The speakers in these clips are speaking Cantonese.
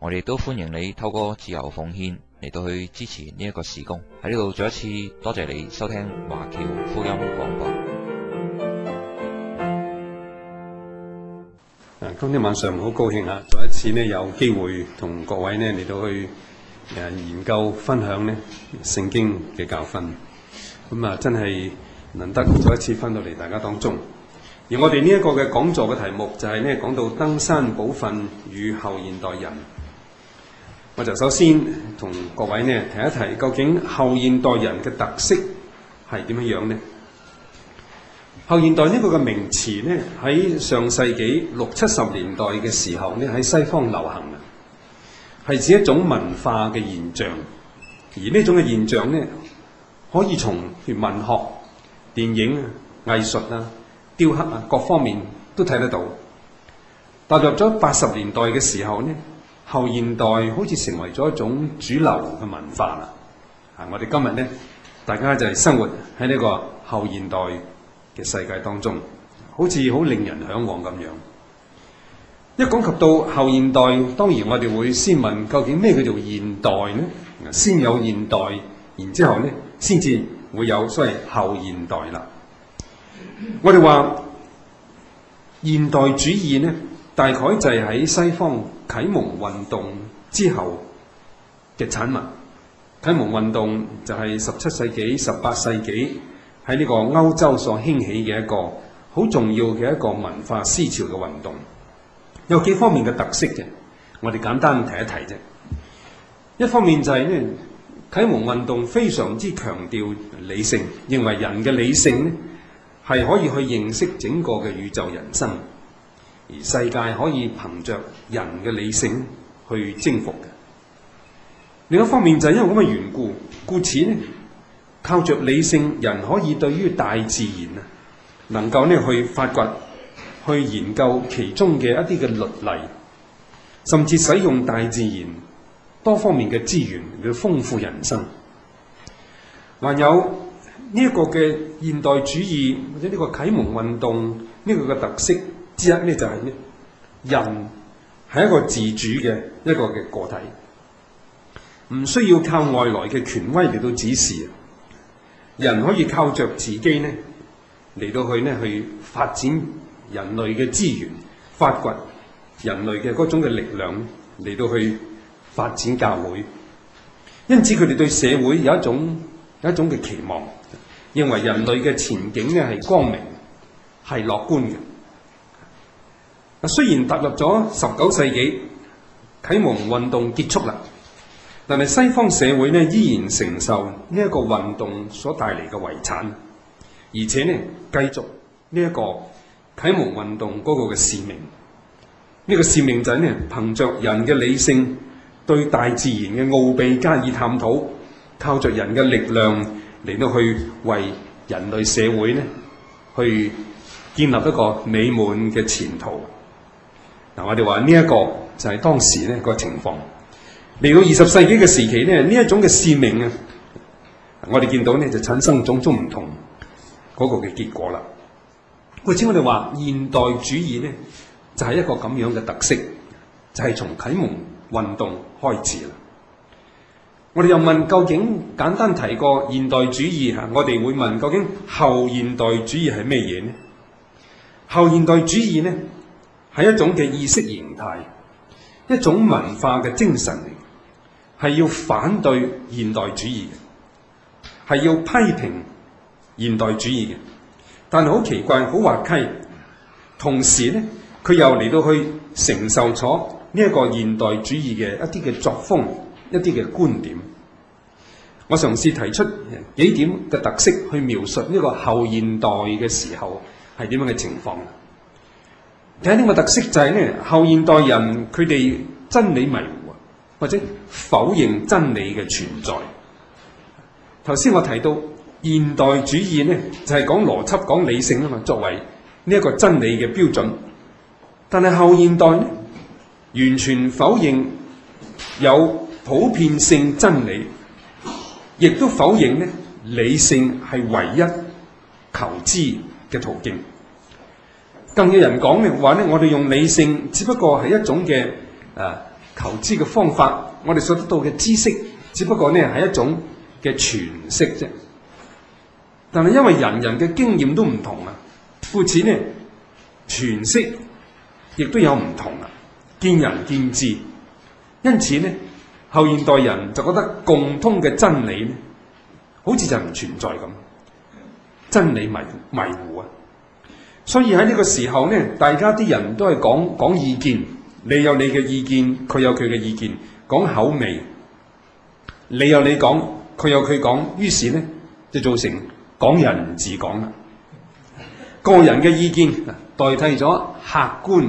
我哋都歡迎你透過自由奉獻嚟到去支持呢一個事工。喺呢度再一次多謝你收聽華僑福音廣播。今天晚上好高興啊！再一次呢，有機會同各位呢嚟到去誒研究分享呢聖經嘅教訓。咁啊，真係難得再一次翻到嚟大家當中。而我哋呢一個嘅講座嘅題目就係呢，講到登山寶訓與後現代人。我就首先同各位呢提一提，究竟後現代人嘅特色係點樣樣呢？後現代呢個嘅名詞呢，喺上世紀六七十年代嘅時候呢，喺西方流行啊，係指一種文化嘅現象，而呢種嘅現象呢，可以從文學、電影、藝術啊、雕刻啊各方面都睇得到。踏入咗八十年代嘅時候呢，後現代好似成為咗一種主流嘅文化啦，啊！我哋今日咧，大家就係生活喺呢個後現代嘅世界當中，好似好令人嚮往咁樣。一講及到後現代，當然我哋會先問究竟咩叫做現代咧，先有現代，然之後咧，先至會有所謂後現代啦。我哋話現代主義咧。大概就係喺西方啟蒙運動之後嘅產物。啟蒙運動就係十七世紀、十八世紀喺呢個歐洲所興起嘅一個好重要嘅一個文化思潮嘅運動，有幾方面嘅特色嘅。我哋簡單提一提啫。一方面就係呢，啟蒙運動非常之強調理性，認為人嘅理性咧係可以去認識整個嘅宇宙人生。而世界可以憑着人嘅理性去征服嘅。另一方面就係因為咁嘅緣故，故此呢，靠著理性，人可以對於大自然啊，能夠呢去發掘、去研究其中嘅一啲嘅律例，甚至使用大自然多方面嘅資源去豐富人生。還有呢一個嘅現代主義或者呢個啟蒙運動呢個嘅特色之一咧就係呢，人係一個自主嘅一個嘅個體，唔需要靠外來嘅權威嚟到指示。人可以靠着自己呢嚟到去呢去發展人類嘅資源，發掘人類嘅嗰種嘅力量嚟到去發展教會。因此，佢哋對社會有一種有一種嘅期望，認為人類嘅前景呢係光明，係樂觀嘅。啊！雖然踏入咗十九世紀，啟蒙運動結束啦，但係西方社會咧依然承受呢一個運動所帶嚟嘅遺產，而且咧繼續呢一個啟蒙運動嗰個嘅使命。呢個使命就係咧，憑著人嘅理性對大自然嘅奧秘加以探討，靠著人嘅力量嚟到去為人類社會咧去建立一個美滿嘅前途。嗱，我哋話呢一個就係當時咧個情況。嚟到二十世紀嘅時期咧，呢一種嘅使命啊，我哋見到咧就產生種種唔同嗰個嘅結果啦。或者我哋話現代主義咧，就係一個咁樣嘅特色，就係從啟蒙運動開始啦。我哋又問究竟簡單提過現代主義吓，我哋會問究竟後現代主義係咩嘢呢？後現代主義咧？係一種嘅意識形態，一種文化嘅精神，嚟。係要反對現代主義嘅，係要批評現代主義嘅。但係好奇怪，好滑稽。同時咧，佢又嚟到去承受咗呢一個現代主義嘅一啲嘅作風，一啲嘅觀點。我嘗試提出幾點嘅特色去描述呢個後現代嘅時候係點樣嘅情況。第一呢個特色就係咧，後現代人佢哋真理迷糊啊，或者否認真理嘅存在。頭先我提到現代主義呢就係講邏輯、講理性啊嘛，作為呢一個真理嘅標準。但係後現代呢完全否認有普遍性真理，亦都否認理性係唯一求知嘅途徑。更有人講嘅話咧，我哋用理性，只不過係一種嘅誒求知嘅方法。我哋所得到嘅知識，只不過呢係一種嘅詮釋啫。但係因為人人嘅經驗都唔同啊，故此呢詮釋亦都有唔同啊，見仁見智。因此呢，後現代人就覺得共通嘅真理呢，好似就唔存在咁，真理迷迷糊啊！所以喺呢個時候呢，大家啲人都係講講意見，你有你嘅意見，佢有佢嘅意見，講口味，你有你講，佢有佢講，於是呢，就造成講人自講啦，個人嘅意見代替咗客觀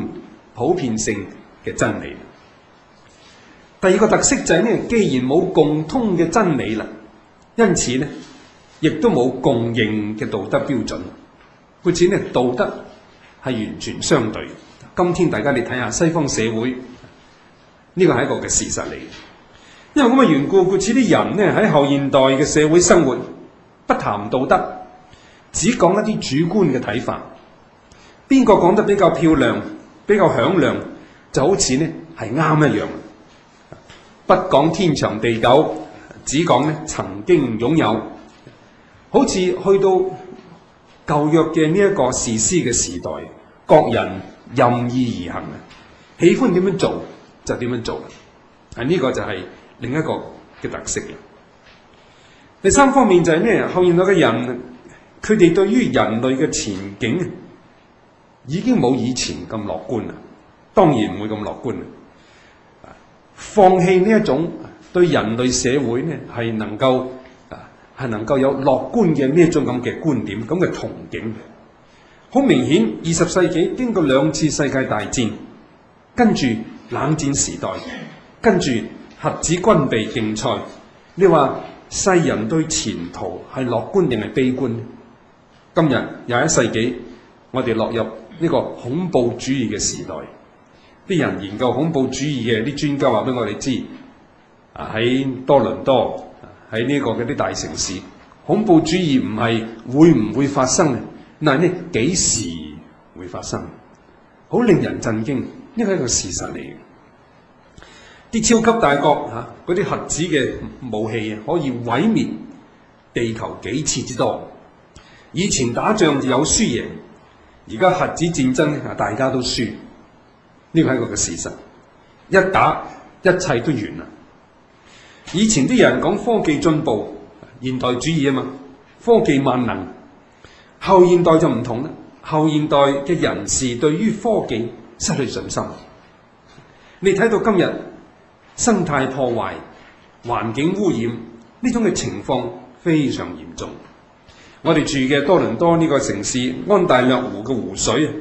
普遍性嘅真理。第二個特色就係呢，既然冇共通嘅真理啦，因此呢，亦都冇共認嘅道德標準。故此呢，道德係完全相對。今天大家，你睇下西方社會，呢個係一個嘅事實嚟。因為咁嘅緣故，故此啲人呢喺後現代嘅社會生活，不談道德，只講一啲主觀嘅睇法。邊個講得比較漂亮、比較響亮，就好似呢係啱一樣。不講天長地久，只講呢曾經擁有，好似去到。舊約嘅呢一個士師嘅時代，各人任意而行啊，喜歡點樣做就點樣做，係呢、啊這個就係另一個嘅特色啦。第三方面就係咩？後現代嘅人，佢哋對於人類嘅前景已經冇以前咁樂觀啦，當然唔會咁樂觀啦。放棄呢一種對人類社會呢係能夠。係能夠有樂觀嘅呢一種咁嘅觀點，咁嘅憧憬。好明顯，二十世紀經過兩次世界大戰，跟住冷戰時代，跟住核子軍備競賽。你話世人對前途係樂觀定係悲觀？今日廿一世紀，我哋落入呢個恐怖主義嘅時代。啲人研究恐怖主義嘅啲專家話俾我哋知，啊喺多倫多，喺呢個嗰啲大城市，恐怖主義唔係會唔會發生，但係幾時會發生？好令人震驚，呢個係一個事實嚟嘅。啲超級大國嚇，嗰、啊、啲核子嘅武器可以毀滅地球幾次之多。以前打仗有輸贏，而家核子戰爭啊，大家都輸。呢個係一個事實，一打一切都完啦。以前啲人講科技進步、現代主義啊嘛，科技萬能。後現代就唔同啦，後現代嘅人士對於科技失去信心。你睇到今日生態破壞、環境污染呢種嘅情況非常嚴重。我哋住嘅多倫多呢個城市，安大略湖嘅湖水啊，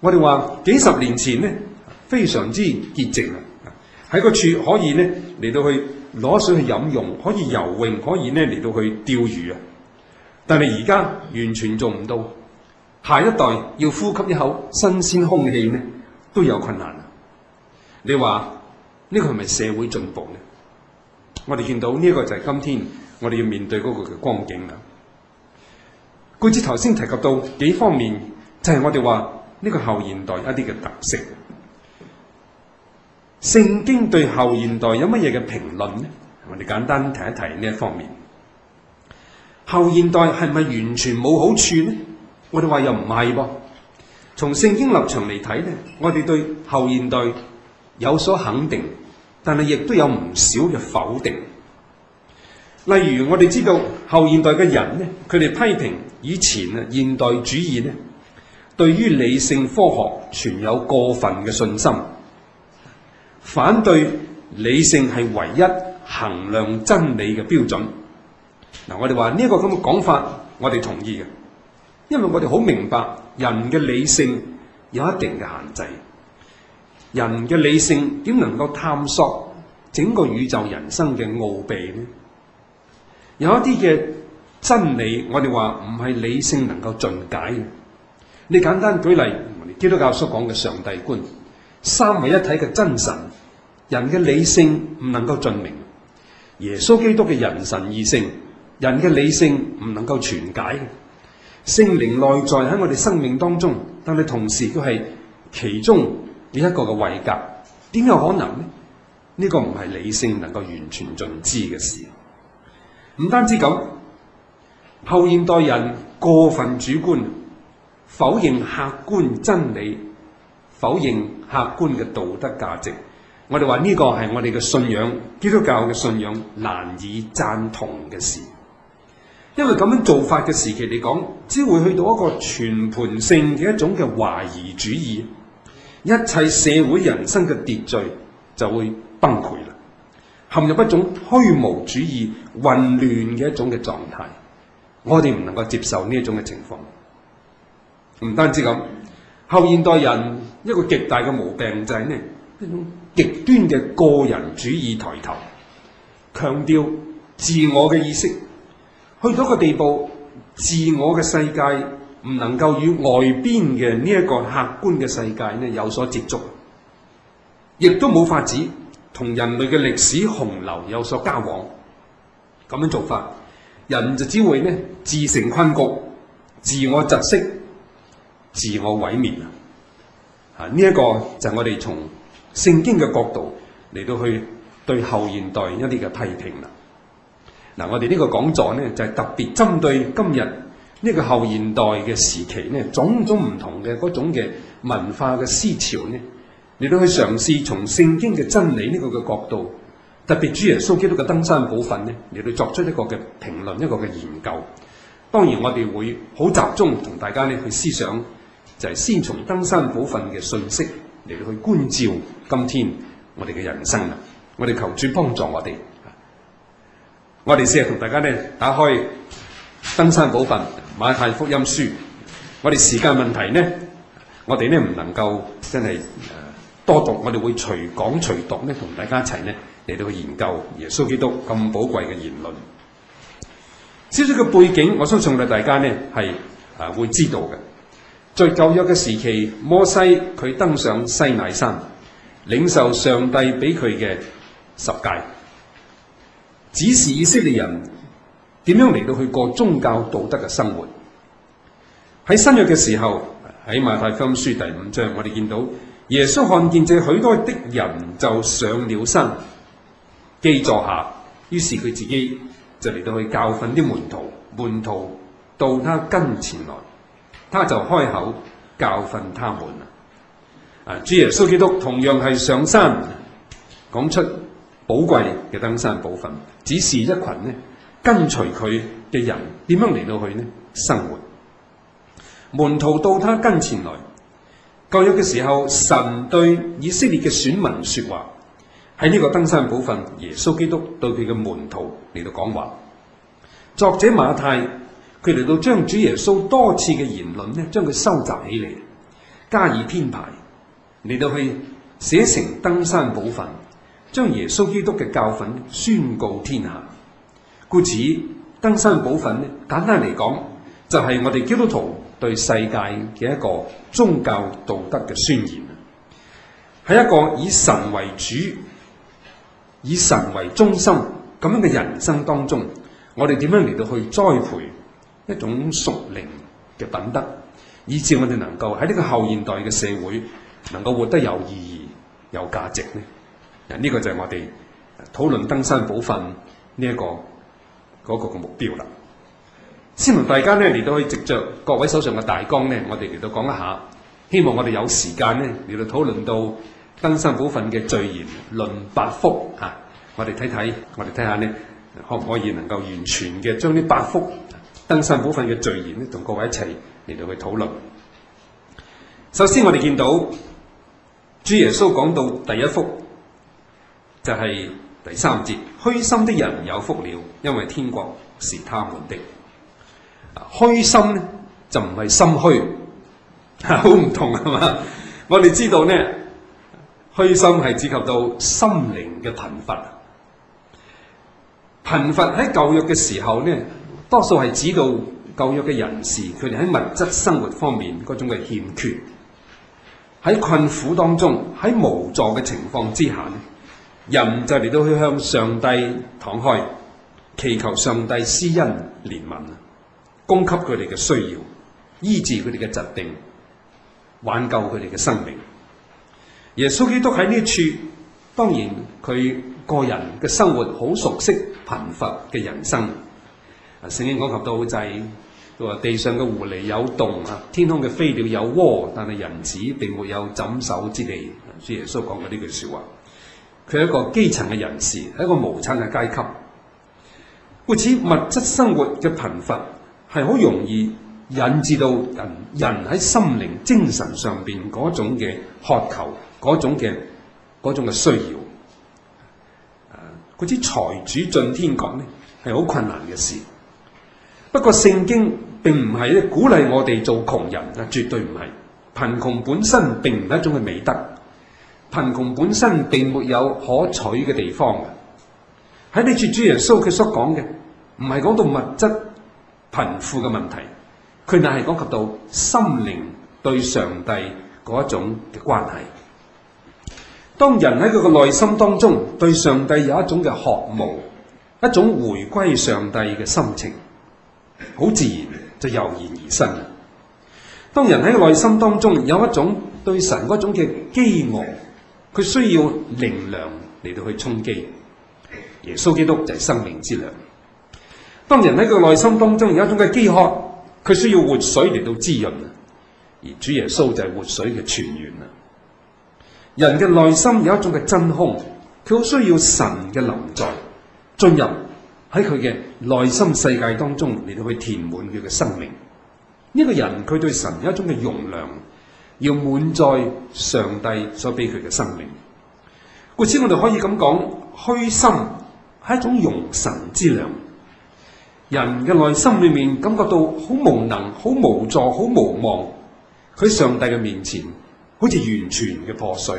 我哋話幾十年前呢，非常之潔淨啊。喺個處可以咧嚟到去攞水去飲用，可以游泳，可以咧嚟到去釣魚啊！但係而家完全做唔到，下一代要呼吸一口新鮮空氣咧都有困難啦。你話呢個係咪社會進步咧？我哋見到呢個就係今天我哋要面對嗰個嘅光景啦。據知頭先提及到幾方面，就係、是、我哋話呢個後現代一啲嘅特色。聖經對後現代有乜嘢嘅評論呢？我哋簡單提一提呢一方面。後現代係咪完全冇好處呢？我哋話又唔係噃。從聖經立場嚟睇呢，我哋對後現代有所肯定，但係亦都有唔少嘅否定。例如我哋知道後現代嘅人呢，佢哋批評以前啊，現代主義呢對於理性科學存有過分嘅信心。反對理性係唯一衡量真理嘅標準。嗱，我哋話呢個咁嘅講法，我哋同意嘅，因為我哋好明白人嘅理性有一定嘅限制。人嘅理性點能夠探索整個宇宙人生嘅奧秘呢？有一啲嘅真理，我哋話唔係理性能夠盡解嘅。你簡單舉例，我哋基督教所講嘅上帝觀。三位一體嘅真神，人嘅理性唔能夠盡明；耶穌基督嘅人神二性，人嘅理性唔能夠全解。聖靈內在喺我哋生命當中，但係同時都係其中一個嘅位格，點有可能呢？呢、這個唔係理性能夠完全盡知嘅事。唔單止咁，後現代人過分主觀，否認客觀真理。否認客觀嘅道德價值，我哋話呢個係我哋嘅信仰，基督教嘅信仰難以贊同嘅事。因為咁樣做法嘅時期嚟講，只會去到一個全盤性嘅一種嘅懷疑主義，一切社會人生嘅秩序就會崩潰啦，陷入一種虛無主義混亂嘅一種嘅狀態。我哋唔能夠接受呢一種嘅情況，唔單止咁。後現代人一個極大嘅毛病就係呢，一種極端嘅個人主義抬頭，強調自我嘅意識，去到一個地步，自我嘅世界唔能夠與外邊嘅呢一個客觀嘅世界呢有所接觸，亦都冇法子同人類嘅歷史洪流有所交往。咁樣做法，人就只會呢自成困局，自我窒息。自我毀滅啊！嚇，呢一個就係我哋從聖經嘅角度嚟到去對後現代一啲嘅批評啦。嗱、啊，我哋呢個講座咧就係、是、特別針對今日呢個後現代嘅時期咧，種種唔同嘅嗰種嘅文化嘅思潮咧，嚟到去嘗試從聖經嘅真理呢個嘅角度，特別主耶穌基督嘅登山寶訓咧嚟到作出一個嘅評論，一個嘅研究。當然我哋會好集中同大家咧去思想。就係先從登山寶訓嘅信息嚟去觀照今天我哋嘅人生啊！我哋求主幫助我哋，我哋先係同大家咧打開登山寶訓馬太福音書。我哋時間問題呢，我哋呢唔能夠真係誒多讀，我哋會隨講隨讀呢同大家一齊呢嚟到去研究耶穌基督咁寶貴嘅言論。少少嘅背景，我相信咧大家呢係啊會知道嘅。在舊約嘅時期，摩西佢登上西乃山，領受上帝俾佢嘅十戒，指示以色列人點樣嚟到去過宗教道德嘅生活。喺新約嘅時候，喺馬太福音第五章，我哋見到耶穌看見這許多的人就上了山，既坐下，於是佢自己就嚟到去教訓啲門徒，門徒到他跟前來。他就開口教訓他們啊。主耶穌基督同樣係上山講出寶貴嘅登山寶訓，只是一群呢跟隨佢嘅人點樣嚟到去呢生活？門徒到他跟前來。舊約嘅時候，神對以色列嘅選民説話，喺呢個登山寶訓，耶穌基督對佢嘅門徒嚟到講話。作者馬太。佢嚟到將主耶穌多次嘅言論咧將佢收集起嚟，加以編排，嚟到去寫成登山寶訓，將耶穌基督嘅教訓宣告天下。故此，登山寶訓咧，簡單嚟講，就係我哋基督徒對世界嘅一個宗教道德嘅宣言。喺一個以神為主、以神為中心咁樣嘅人生當中，我哋點樣嚟到去栽培？一種熟練嘅品德，以致我哋能夠喺呢個後現代嘅社會，能夠活得有意義有價、有價值咧。嗱，呢個就係我哋討論登山寶訓呢一個嗰嘅、那個、目標啦。先同大家呢，你都可以藉著各位手上嘅大綱呢，我哋嚟到講一下。希望我哋有時間呢，嚟到討論到登山寶訓嘅序言論八福啊！我哋睇睇，我哋睇下呢，可唔可以能夠完全嘅將呢八福。登山寶訓嘅序言咧，同各位一齊嚟到去討論。首先，我哋見到主耶穌講到第一福，就係第三節：虛心的人有福了，因為天國是他們的啊。虛心咧就唔係心虛，好唔同係嘛？我哋知道呢，虛心係涉及到心靈嘅貧乏，貧乏喺舊約嘅時候呢。多數係指導舊約嘅人士，佢哋喺物質生活方面嗰種嘅欠缺，喺困苦當中，喺無助嘅情況之下，人就嚟到去向上帝敞開，祈求上帝施恩憐憫，供給佢哋嘅需要，醫治佢哋嘅疾病，挽救佢哋嘅生命。耶穌基督喺呢處，當然佢個人嘅生活好熟悉貧乏嘅人生。聖經講及到就係佢話：地上嘅狐狸有洞，嚇天空嘅飛鳥有窩，但係人子並沒有枕首之地。主耶穌講過呢句説話。佢係一個基層嘅人士，係一個無產嘅階級。故此物質生活嘅貧乏係好容易引致到人，人喺心靈、精神上邊嗰種嘅渴求、嗰種嘅嗰種嘅需要。嗰啲財主進天國咧係好困難嘅事。不過，聖經並唔係咧鼓勵我哋做窮人啊，絕對唔係。貧窮本身並唔係一種嘅美德。貧窮本身並沒有可取嘅地方嘅。喺呢處，在主耶穌佢所講嘅唔係講到物質貧富嘅問題，佢乃係講及到心靈對上帝嗰一種嘅關係。當人喺佢嘅內心當中對上帝有一種嘅渴慕，一種回歸上帝嘅心情。好自然就油然而生。當人喺個內心當中有一種對神嗰種嘅飢餓，佢需要靈糧嚟到去充飢。耶穌基督就係生命之糧。當人喺佢內心當中有一種嘅飢渴，佢需要活水嚟到滋潤啊。而主耶穌就係活水嘅泉源啊。人嘅內心有一種嘅真空，佢好需要神嘅臨在進入。喺佢嘅內心世界當中，嚟到去填滿佢嘅生命。呢、這個人佢對神有一種嘅容量，要滿載上帝所俾佢嘅生命。故此我哋可以咁講，虛心係一種容神之量。人嘅內心裏面感覺到好無能、好無助、好無望，佢喺上帝嘅面前好似完全嘅破碎，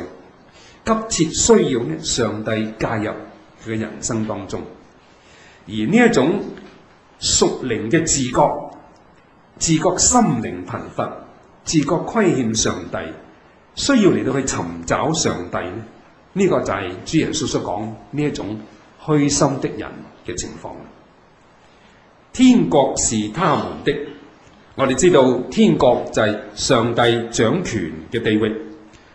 急切需要呢，上帝介入佢嘅人生當中。而呢一種屬靈嘅自覺、自覺心靈貧乏、自覺虧欠上帝，需要嚟到去尋找上帝咧，呢、這個就係主耶穌所講呢一種虛心的人嘅情況。天國是他們的，我哋知道天國就係上帝掌權嘅地域，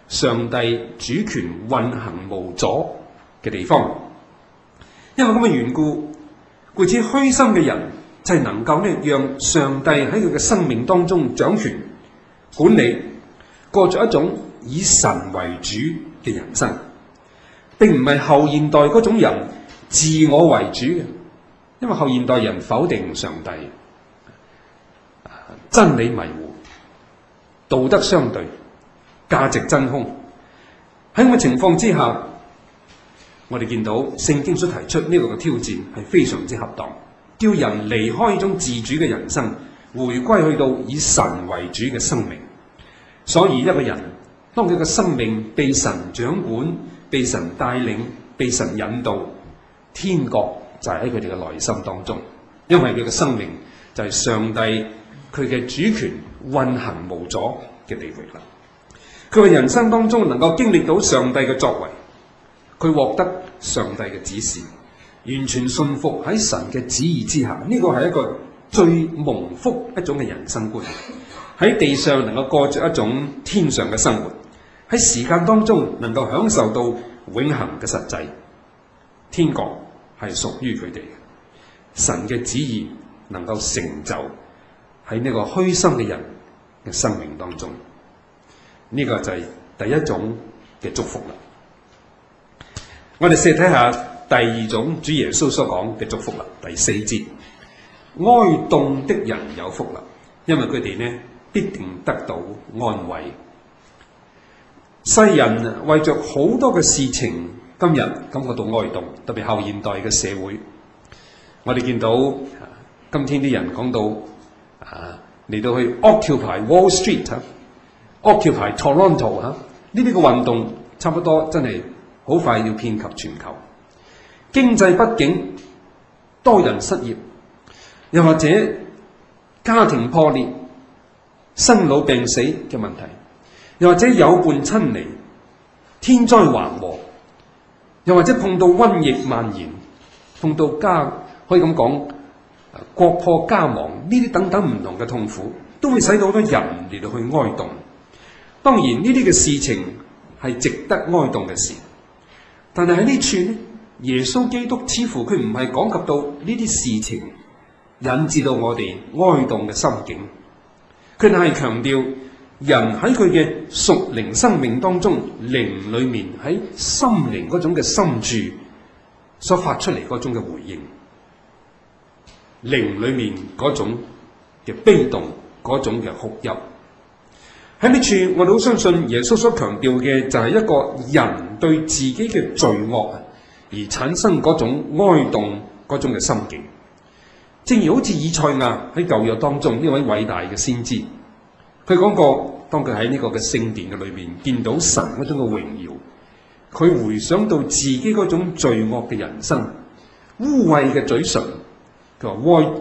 上帝主權運行無阻嘅地方。因為咁嘅緣故。故此虛心嘅人就係、是、能夠咧，讓上帝喺佢嘅生命當中掌權管理，過着一種以神為主嘅人生。並唔係後現代嗰種人自我為主嘅，因為後現代人否定上帝，真理迷糊，道德相對，價值真空。喺咁嘅情況之下。我哋見到聖經所提出呢個嘅挑戰係非常之恰當，叫人離開呢種自主嘅人生，回歸去到以神為主嘅生命。所以一個人當佢嘅生命被神掌管、被神帶領、被神引導，天國就喺佢哋嘅內心當中，因為佢嘅生命就係上帝佢嘅主權運行無阻嘅地域啦。佢嘅人生當中能夠經歷到上帝嘅作為。佢獲得上帝嘅指示，完全信服喺神嘅旨意之下，呢個係一個最蒙福一種嘅人生觀。喺地上能夠過着一種天上嘅生活，喺時間當中能夠享受到永恆嘅實際。天國係屬於佢哋嘅，神嘅旨意能夠成就喺呢個虛心嘅人嘅生命當中，呢個就係第一種嘅祝福啦。我哋試睇下第二種主耶穌所講嘅祝福啦，第四節，哀痛的人有福啦，因為佢哋咧，必定得到安慰。世人為著好多嘅事情，今日感覺到哀痛，特別後現代嘅社會，我哋見到今天啲人講到啊，嚟到去 occupy Wall Street，啊，occupy Toronto 啊，呢啲嘅運動差不多真係，好快要遍及全球，經濟不景，多人失業，又或者家庭破裂、生老病死嘅問題，又或者有伴親離、天災橫禍，又或者碰到瘟疫蔓延，碰到家可以咁講國破家亡呢啲等等唔同嘅痛苦，都會使到好多人嚟到去哀慟。當然呢啲嘅事情係值得哀慟嘅事。但係喺呢處咧，耶穌基督似乎佢唔係講及到呢啲事情，引致到我哋哀慟嘅心境。佢係強調人喺佢嘅屬靈生命當中，靈裏面喺心靈嗰種嘅深處所發出嚟，嗰種嘅回應，靈裏面嗰種嘅悲慟，嗰種嘅哭泣。喺呢處，我哋好相信耶穌所強調嘅就係一個人，對自己嘅罪惡而產生嗰種哀慟嗰種嘅心境，正如好似以賽亞喺舊約當中呢位偉大嘅先知，佢講過，當佢喺呢個嘅聖殿嘅裏面見到神嗰種嘅榮耀，佢回想到自己嗰種罪惡嘅人生，污穢嘅嘴唇，他說，佢話哀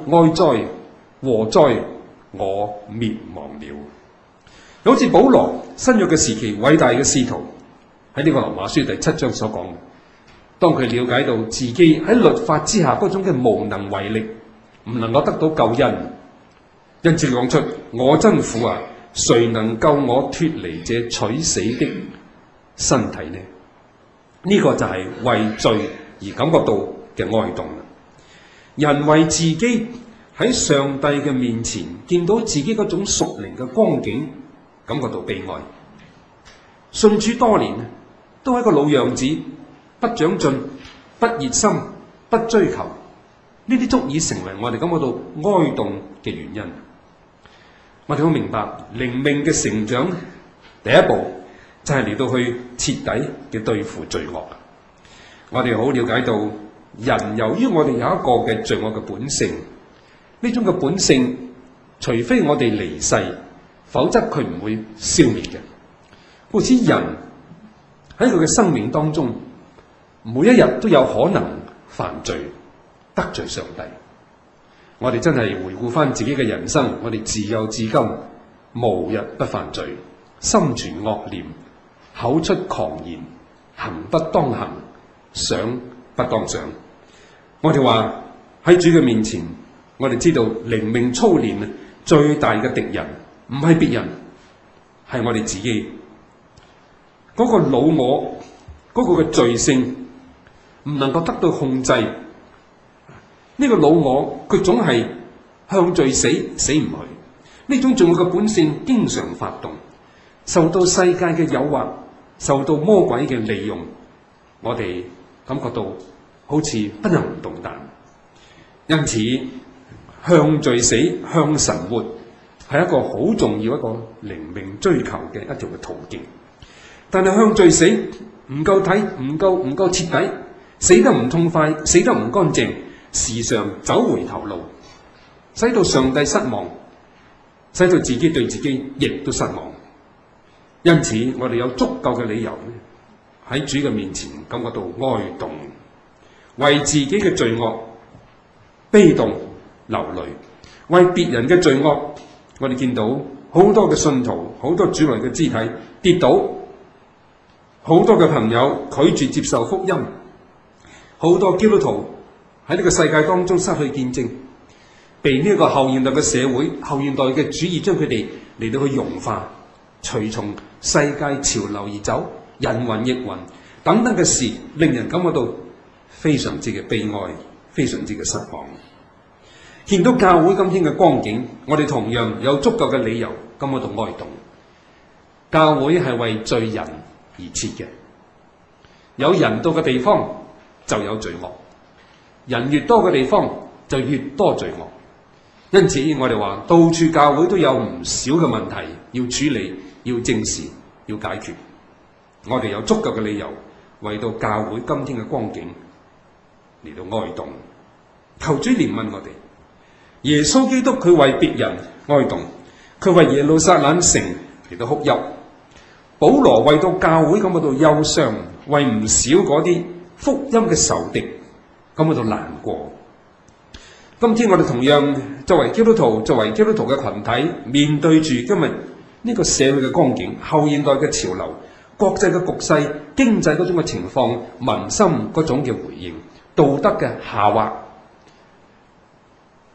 哀哉，禍哉，我滅亡了。好似保羅新約嘅時期，偉大嘅使徒。喺呢個《羅馬書》第七章所講嘅，當佢了解到自己喺律法之下嗰種嘅無能為力，唔能夠得到救恩，因此講出：我真苦啊！誰能救我脱離這取死的身體呢？呢、這個就係為罪而感覺到嘅哀慟。人為自己喺上帝嘅面前見到自己嗰種屬靈嘅光景，感覺到悲哀。信主多年都係一個老樣子，不長進、不熱心、不追求，呢啲足以成為我哋感覺到哀慟嘅原因。我哋好明白靈命嘅成長，第一步就係嚟到去徹底嘅對付罪惡。我哋好了解到，人由於我哋有一個嘅罪惡嘅本性，呢種嘅本性，除非我哋離世，否則佢唔會消滅嘅。故此，人喺佢嘅生命當中，每一日都有可能犯罪得罪上帝。我哋真係回顧翻自己嘅人生，我哋自幼至今無日不犯罪，心存惡念，口出狂言，行不當行，想不當想。我哋話喺主嘅面前，我哋知道靈命操練最大嘅敵人唔係別人，係我哋自己。嗰個老我，嗰個嘅罪性唔能夠得到控制。呢個老我佢總係向罪死死唔去，呢種罪惡嘅本性經常發動，受到世界嘅誘惑，受到魔鬼嘅利用，我哋感覺到好似不能動彈，因此向罪死，向神活係一個好重要一個靈命追求嘅一條嘅途徑。但係向罪死唔夠睇，唔夠唔夠徹底，死得唔痛快，死得唔乾淨，時常走回頭路，使到上帝失望，使到自己對自己亦都失望。因此，我哋有足夠嘅理由喺主嘅面前感覺到哀痛，為自己嘅罪惡悲痛流淚，為別人嘅罪惡，我哋見到好多嘅信徒，好多主內嘅肢體跌倒。好多嘅朋友拒絕接受福音，好多基督徒喺呢個世界當中失去見證，被呢個後現代嘅社會、後現代嘅主義將佢哋嚟到去融化、隨從世界潮流而走、人云亦云等等嘅事，令人感覺到非常之嘅悲哀、非常之嘅失望。見到教會今天嘅光景，我哋同樣有足夠嘅理由咁喺度哀悼。教會係為罪人而設嘅，有人到嘅地方就有罪惡，人越多嘅地方就越多罪惡。因此我哋話，到處教會都有唔少嘅問題要處理、要正視、要解決。我哋有足夠嘅理由為到教會今天嘅光景嚟到哀慟，求主憐憫我哋。耶穌基督佢為別人哀慟，佢為耶路撒冷城嚟到哭泣。保羅為到教會咁喺度憂傷，為唔少嗰啲福音嘅仇敵咁喺度難過。今天我哋同樣作為基督徒，作為基督徒嘅群體，面對住今日呢個社會嘅光景、後現代嘅潮流、國際嘅局勢、經濟嗰種嘅情況、民心嗰種嘅回應、道德嘅下滑，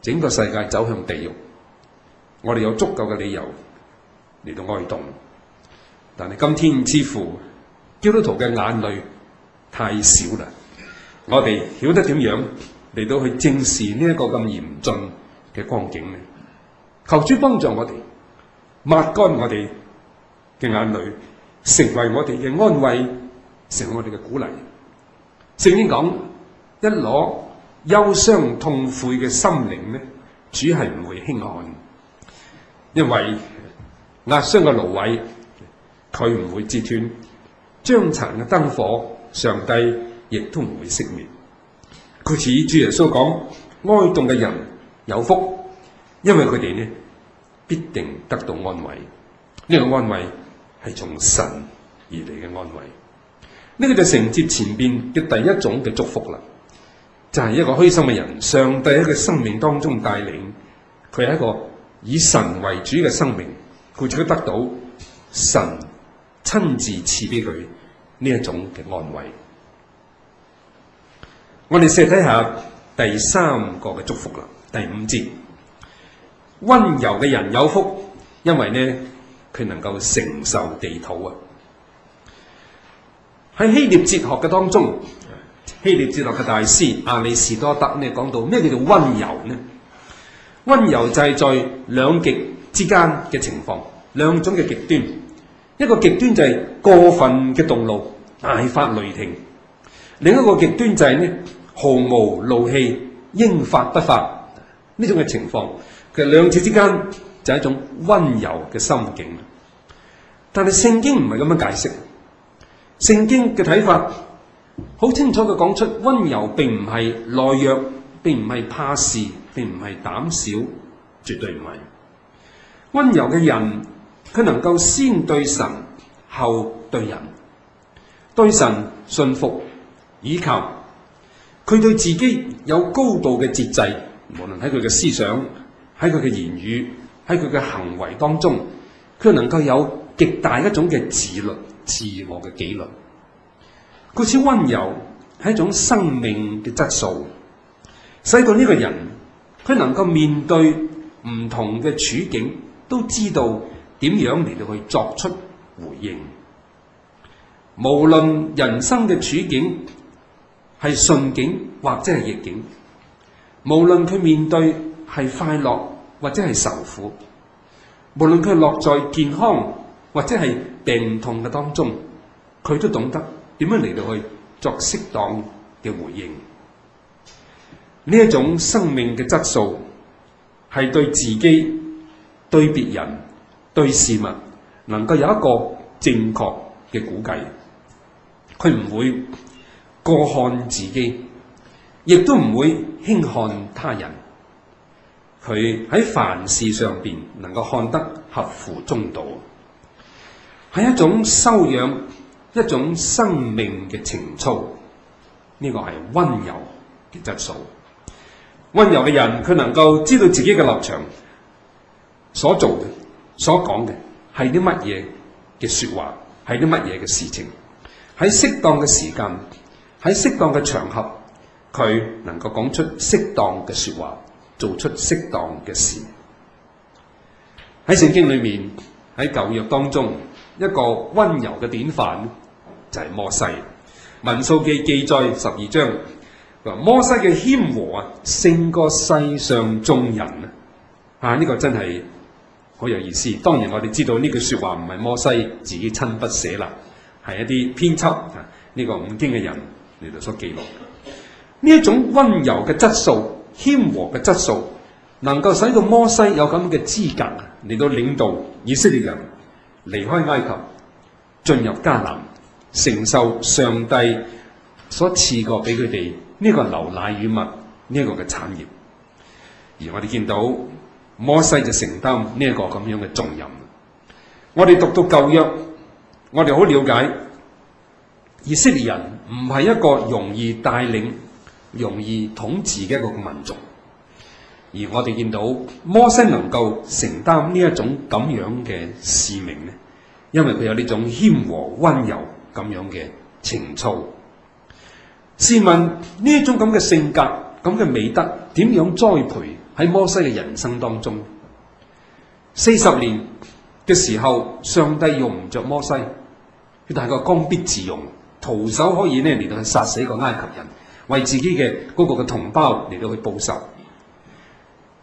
整個世界走向地獄，我哋有足夠嘅理由嚟到哀慟。但係今天似乎，基督徒嘅眼淚太少啦。我哋曉得點樣嚟到去正視呢一個咁嚴峻嘅光景呢？求主幫助我哋抹乾我哋嘅眼淚，成為我哋嘅安慰，成為我哋嘅鼓勵。聖經講，一攞憂傷痛悔嘅心靈呢，主係唔會輕看，因為壓傷嘅蘆葦，佢唔會折斷，將殘嘅燈火，上帝亦都唔會熄滅。佢似主耶穌講：哀慟嘅人有福，因為佢哋咧必定得到安慰。呢、這個安慰係從神而嚟嘅安慰。呢、這個就承接前邊嘅第一種嘅祝福啦，就係、是、一個虛心嘅人，上帝喺佢生命當中帶領佢係一個以神為主嘅生命，佢仲都得到神。親自賜俾佢呢一種嘅安慰。我哋試睇下第三個嘅祝福啦，第五節。温柔嘅人有福，因為呢，佢能夠承受地土啊。喺希臘哲學嘅當中，希臘哲學嘅大師亞里士多德呢，講到咩叫做温柔呢？温柔就係在兩極之間嘅情況，兩種嘅極端，一個極端就係過分嘅動怒、大發雷霆；另一個極端就係呢，毫無怒氣、應發不發呢種嘅情況。其實兩者之間就係一種温柔嘅心境。但係聖經唔係咁樣解釋，聖經嘅睇法好清楚地說，佢講出温柔並唔係懦弱，並唔係怕事，並唔係膽小，絕對唔係。温柔嘅人。佢能夠先對神，後對人；對神信服，以及佢對自己有高度嘅節制，無論喺佢嘅思想、喺佢嘅言語、喺佢嘅行為當中，佢能夠有極大一種嘅自律、自我嘅紀律。佢似温柔係一種生命嘅質素。使到呢個人，佢能夠面對唔同嘅處境，都知道，點樣嚟到去作出回應？無論人生嘅處境係順境或者係逆境，無論佢面對係快樂或者係受苦，無論佢落在健康或者係病痛嘅當中，佢都懂得點樣嚟到去作適當嘅回應。呢一種生命嘅質素係對自己、對別人。對事物能夠有一個正確嘅估計，佢唔會過看自己，亦都唔會輕看他人。佢喺凡事上面能夠看得合乎中道，係一種修養，一種生命嘅情操。呢個係温柔嘅質素。温柔嘅人，佢能夠知道自己嘅立場，所做嘅，所講嘅係啲乜嘢嘅説話，係啲乜嘢嘅事情。喺適當嘅時間，喺適當嘅場合，佢能夠講出適當嘅説話，做出適當嘅事。喺聖經裏面，喺舊約當中，一個温柔嘅典範就係摩西。民數記記載十二章，話摩西嘅謙和啊，勝過世上眾人啊！啊，呢、這個真係～好有意思。當然，我哋知道呢句説話唔係摩西自己親筆寫啦，係一啲編輯啊，呢個五經嘅人嚟到所記錄。呢一種温柔嘅質素、謙和嘅質素，能夠使到摩西有咁嘅資格嚟到領導以色列人離開埃及，進入迦南，承受上帝所賜過俾佢哋呢個牛奶與蜜呢個嘅產業。而我哋見到，摩西就承擔呢一個咁樣嘅重任。我哋讀到舊約，我哋好了解以色列人唔係一個容易帶領、容易統治嘅一個民族。而我哋見到摩西能夠承擔呢一種咁樣嘅使命呢，因為佢有呢種謙和温柔咁樣嘅情操。試問呢一種咁嘅性格、咁嘅美德，點樣栽培？喺摩西嘅人生當中，四十年嘅時候，上帝用唔着摩西，佢就係個剛愎自用，徒手可以咧嚟到去殺死個埃及人，為自己嘅嗰個嘅同胞嚟到去報仇。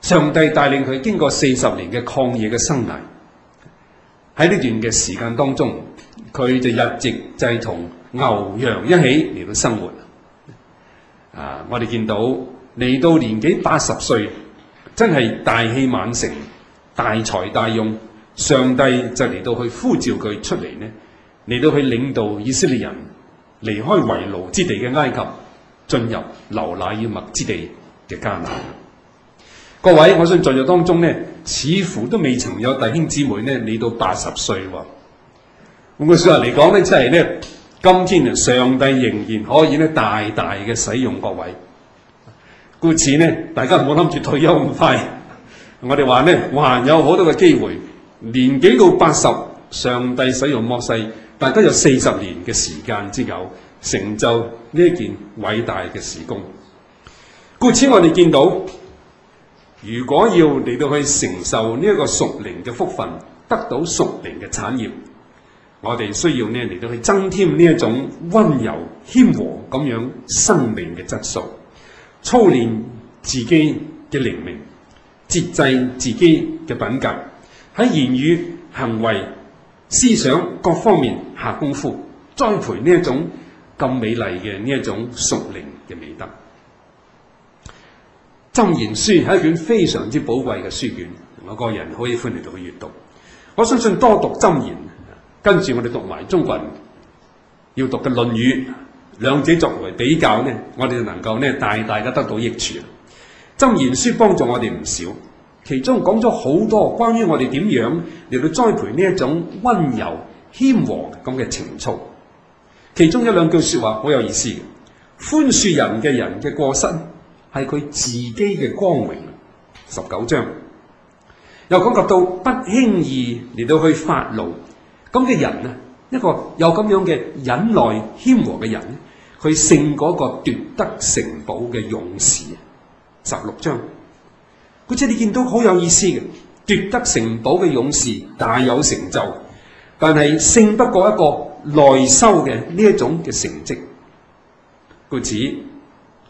上帝帶領佢經過四十年嘅曠野嘅生涯，喺呢段嘅時間當中，佢就日夕就係同牛羊一起嚟到生活。啊！我哋見到嚟到年紀八十歲。真係大器晚成，大才大用，上帝就嚟到去呼召佢出嚟呢，嚟到去領導以色列人離開為奴之地嘅埃及，進入流奶與蜜之地嘅迦南。各位，我相信在座當中呢，似乎都未曾有弟兄姊妹呢。你到八十歲喎。換句話嚟講呢，真係呢。今天啊，上帝仍然可以呢，大大嘅使用各位。故此呢，大家唔好諗住退休咁快。我哋話呢，還有好多嘅機會，年紀到八十，上帝使用摩西，大家有四十年嘅時間之久，成就呢一件偉大嘅事工。故此，我哋見到，如果要嚟到去承受呢一個屬靈嘅福分，得到屬靈嘅產業，我哋需要呢嚟到去增添呢一種溫柔謙和咁樣生命嘅質素。操練自己嘅靈命，節制自己嘅品格，喺言語、行為、思想各方面下功夫，栽培呢一種咁美麗嘅呢一種熟靈嘅美德。《箴言書》係一本非常之寶貴嘅書卷，我個人可以歡迎到去閱讀。我相信多讀《箴言》，跟住我哋讀埋中國人要讀嘅《論語》。兩者作為比較呢，我哋就能夠呢大大嘅得到益處。箴言書幫助我哋唔少，其中講咗好多關於我哋點樣嚟到栽培呢一種温柔謙和咁嘅情操。其中有兩句説話好有意思嘅，寬恕人嘅人嘅過失係佢自己嘅光榮。十九章又講及到不輕易嚟到去發怒咁嘅人啊，一個有咁樣嘅忍耐謙和嘅人。佢勝嗰個奪得城堡嘅勇士。十六章佢次你見到好有意思嘅，奪得城堡嘅勇士大有成就，但係勝不過一個內修嘅呢一種嘅成績。故此，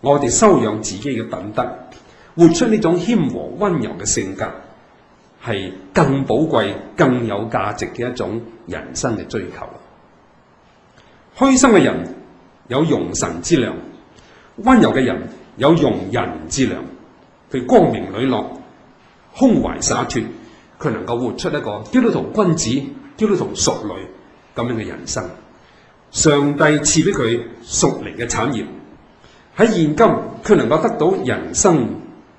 我哋修養自己嘅品德，活出呢種謙和温柔嘅性格，係更寶貴、更有價值嘅一種人生嘅追求。虛心嘅人。有容神之量，温柔嘅人有容人之量。佢光明磊落，胸懷灑脫，佢能夠活出一個基督徒君子、基督徒淑女咁樣嘅人生。上帝賜俾佢屬靈嘅產業，喺現今佢能夠得到人生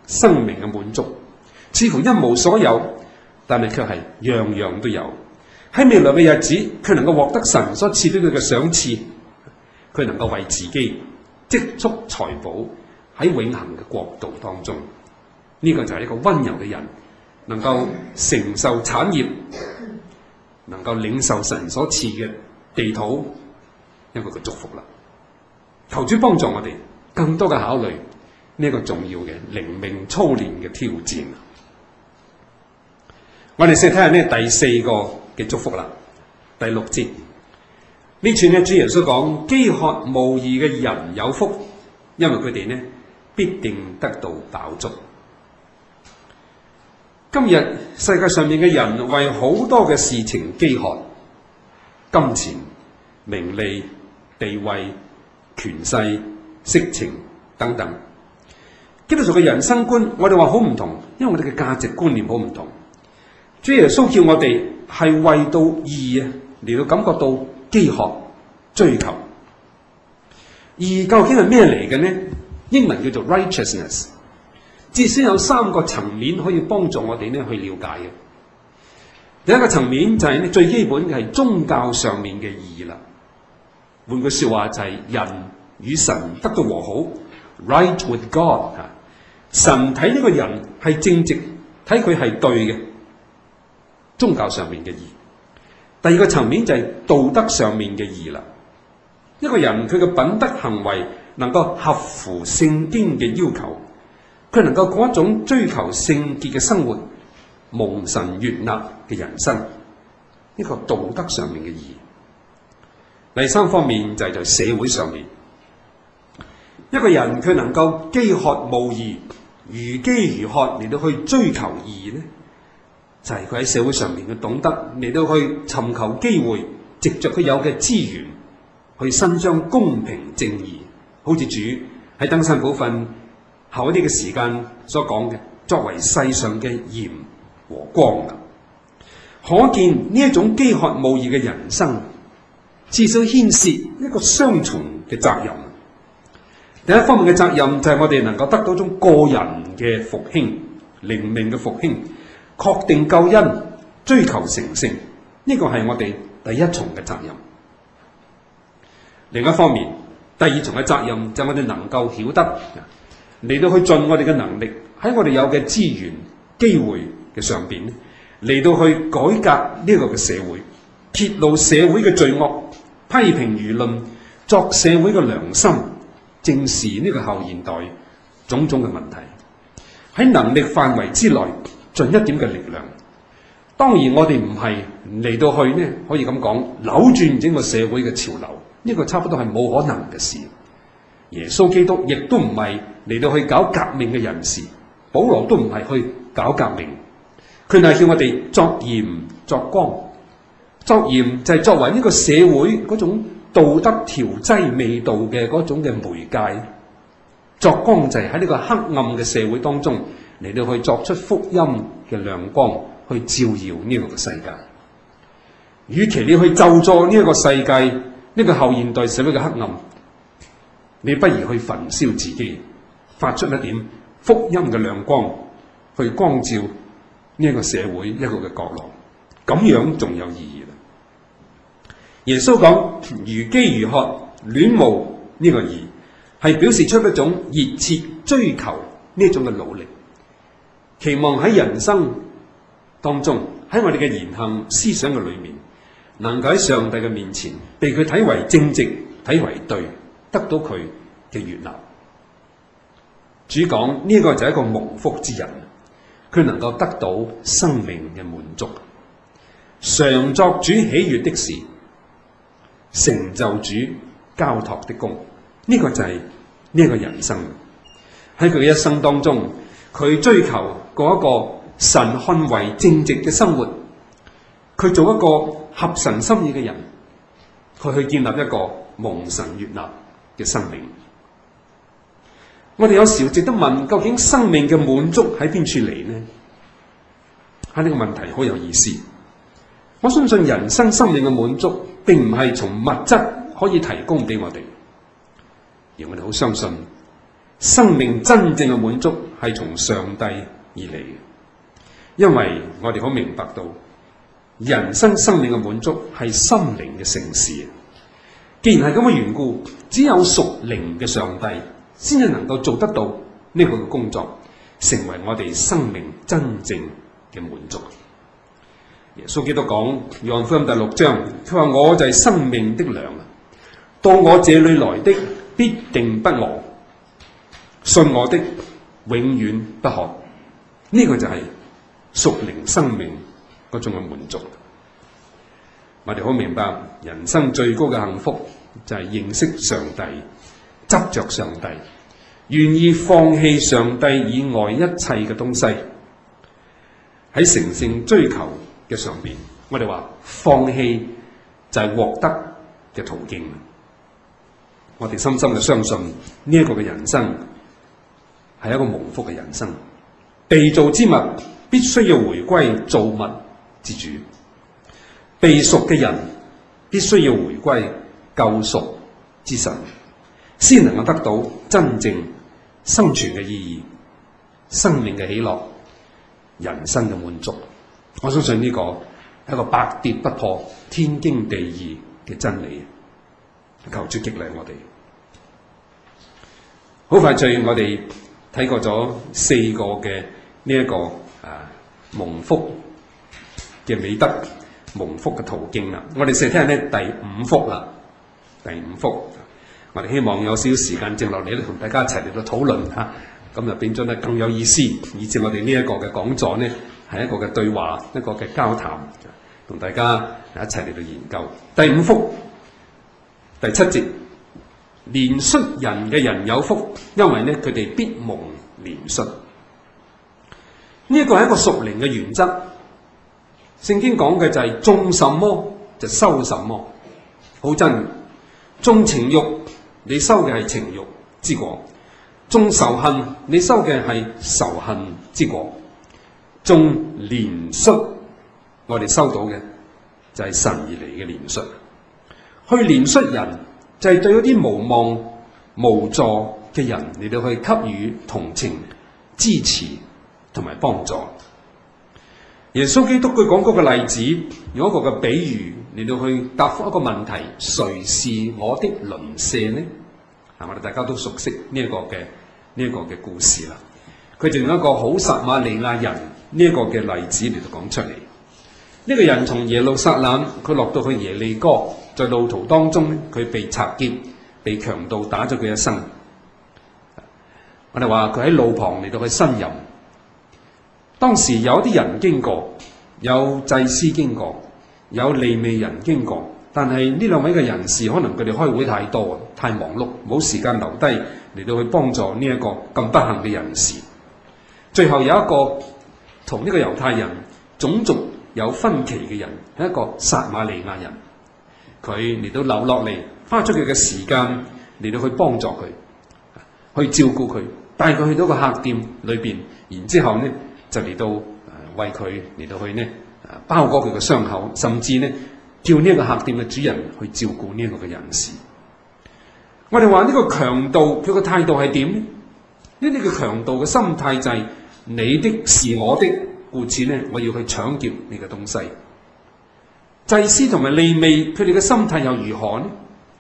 生命嘅滿足，似乎一無所有，但係卻係樣樣都有。喺未來嘅日子，佢能夠獲得神所賜俾佢嘅賞賜。佢能夠為自己積蓄財寶喺永恆嘅國度當中，呢個就係一個温柔嘅人能夠承受產業，能夠領受神所賜嘅地土，因為佢祝福啦。求主幫助我哋更多嘅考慮呢一個重要嘅靈命操練嘅挑戰。我哋試睇下呢第四個嘅祝福啦，第六節。呢處咧，主耶穌講：飢渴慕義嘅人有福，因為佢哋呢必定得到飽足。今日世界上面嘅人為好多嘅事情飢渴，金錢、名利、地位、權勢、色情等等。基督徒嘅人生觀，我哋話好唔同，因為我哋嘅價值觀念好唔同。主耶穌叫我哋係為到義啊，嚟到感覺到。飢渴追求，而究竟係咩嚟嘅呢？英文叫做 righteousness。至少有三個層面可以幫助我哋呢去了解嘅。第一個層面就係呢，最基本嘅係宗教上面嘅義啦。換句說話就係人與神得到和好，right with God。神睇呢個人係正直，睇佢係對嘅。宗教上面嘅義。第二個層面就係道德上面嘅義啦，一個人佢嘅品德行為能夠合乎聖經嘅要求，佢能夠過一種追求聖潔嘅生活、蒙神悅納嘅人生，呢個道德上面嘅義。第三方面就係在社會上面，一個人佢能夠飢渴慕義、如飢如渴，嚟到去追求義呢？就係佢喺社會上面嘅懂得，嚟到去尋求機會，藉着佢有嘅資源去伸張公平正義。好似主喺登山寶訓後一啲嘅時間所講嘅，作為世上嘅鹽和光啊！可見呢一種飢渴慕義嘅人生，至少牽涉一個雙重嘅責任。第一方面嘅責任就係我哋能夠得到一種個人嘅復興、靈命嘅復興。確定救恩，追求成聖，呢個係我哋第一重嘅責任。另一方面，第二重嘅責任就係我哋能夠曉得嚟到去盡我哋嘅能力，喺我哋有嘅資源、機會嘅上面嚟到去改革呢個嘅社會，揭露社會嘅罪惡，批評輿論，作社會嘅良心，正視呢個後現代種種嘅問題，喺能力範圍之內。盡一點嘅力量，當然我哋唔係嚟到去呢，可以咁講，扭轉整個社會嘅潮流，呢個差不多係冇可能嘅事。耶穌基督亦都唔係嚟到去搞革命嘅人士，保羅都唔係去搞革命，佢係叫我哋作鹽作光，作鹽就係作為呢個社會嗰種道德調劑味道嘅嗰種嘅媒介，作光就係喺呢個黑暗嘅社會當中。你都去作出福音嘅亮光去照耀呢個世界。與其你去救助呢一個世界呢個後現代社會嘅黑暗，你不如去焚燒自己，發出一點福音嘅亮光去光照呢一個社會一個嘅角落，咁樣仲有意義啦。耶穌講，如飢如渴，戀慕呢個意義，係表示出一種熱切追求呢一種嘅努力。期望喺人生當中，喺我哋嘅言行思想嘅裏面，能夠喺上帝嘅面前被佢睇為正直，睇為對，得到佢嘅悅納。主講呢個就係一個蒙福之人，佢能夠得到生命嘅滿足，常作主喜悦的事，成就主交託的功。呢個就係呢個人生，喺佢一生當中。佢追求嗰一個神看為正直嘅生活，佢做一個合神心意嘅人，佢去建立一個蒙神悅納嘅生命。我哋有時候值得問，究竟生命嘅滿足喺邊處嚟呢？喺、這、呢個問題好有意思。我相信人生生命嘅滿足並唔係從物質可以提供俾我哋，而我哋好相信。生命真正嘅滿足係從上帝而嚟嘅，因為我哋好明白到人生生命嘅滿足係心靈嘅聖事。既然係咁嘅緣故，只有屬靈嘅上帝先至能夠做得到呢個嘅工作，成為我哋生命真正嘅滿足。耶穌基督講約翰福音第六章，佢話，我就係生命的糧啊！到我這裏來的必定不餓。信我的，永遠不渴。呢、這個就係屬靈生命嗰種嘅滿足。我哋好明白，人生最高嘅幸福就係認識上帝，執着上帝，願意放棄上帝以外一切嘅東西。喺成聖追求嘅上面，我哋話放棄就係獲得嘅途徑。我哋深深嘅相信呢一個嘅人生。係一個蒙福嘅人生，被造之物必須要回歸造物之主，被贖嘅人必須要回歸救贖之神，先能夠得到真正生存嘅意義，生命嘅喜樂，人生嘅滿足。我相信呢個係一個百跌不破、天經地義嘅真理，求主激勵我哋，好快聚我哋。睇過咗四個嘅呢一個啊蒙福嘅美德，蒙福嘅途徑啦。我哋試聽咧第五福啦，第五福。我哋希望有少少時間剩落嚟咧，同大家一齊嚟到討論吓，咁就變咗咧更有意思。以至我哋呢一個嘅講座呢，係一個嘅對話，一個嘅交談，同大家一齊嚟到研究第五福第七節。憐恤人嘅人有福，因為呢，佢哋必蒙憐恤。呢一個係一個屬靈嘅原則。聖經講嘅就係種什麼就收什麼，好真。種情欲，你收嘅係情欲之果；種仇恨，你收嘅係仇恨之果；種憐恤，我哋收到嘅就係神而嚟嘅憐恤。去憐恤人。就係對嗰啲無望無助嘅人，嚟到去給予同情、同情支持同埋幫助。耶穌基督佢講嗰個例子，用一個嘅比喻嚟到去答覆一個問題：誰是我的鄰舍呢？嗱，我哋大家都熟悉呢一個嘅呢一個嘅故事啦。佢就用一個好撒瑪利亞人呢一個嘅例子嚟到講出嚟。呢個人從耶路撒冷，佢落到去耶利哥。在路途當中咧，佢被拆劫，被強盜打咗佢一身。我哋話佢喺路旁嚟到去呻吟。當時有啲人經過，有祭司經過，有利未人經過，但係呢兩位嘅人士可能佢哋開會太多，太忙碌，冇時間留低嚟到去幫助呢一個咁不幸嘅人士。最後有一個同呢個猶太人種族有分歧嘅人，係一個撒瑪利亞人。佢嚟到留落嚟，花出佢嘅時間嚟到去幫助佢，去照顧佢，帶佢去到個客店裏邊，然之後咧就嚟到誒為佢嚟到去呢，誒包紮佢嘅傷口，甚至呢，叫呢一個客店嘅主人去照顧呢個嘅人士。我哋話呢個強盜，佢嘅態度係點呢？呢啲嘅強盜嘅心態就係、是、你的是我的，故此呢，我要去搶劫你嘅東西。祭司同埋利未，佢哋嘅心態又如何呢？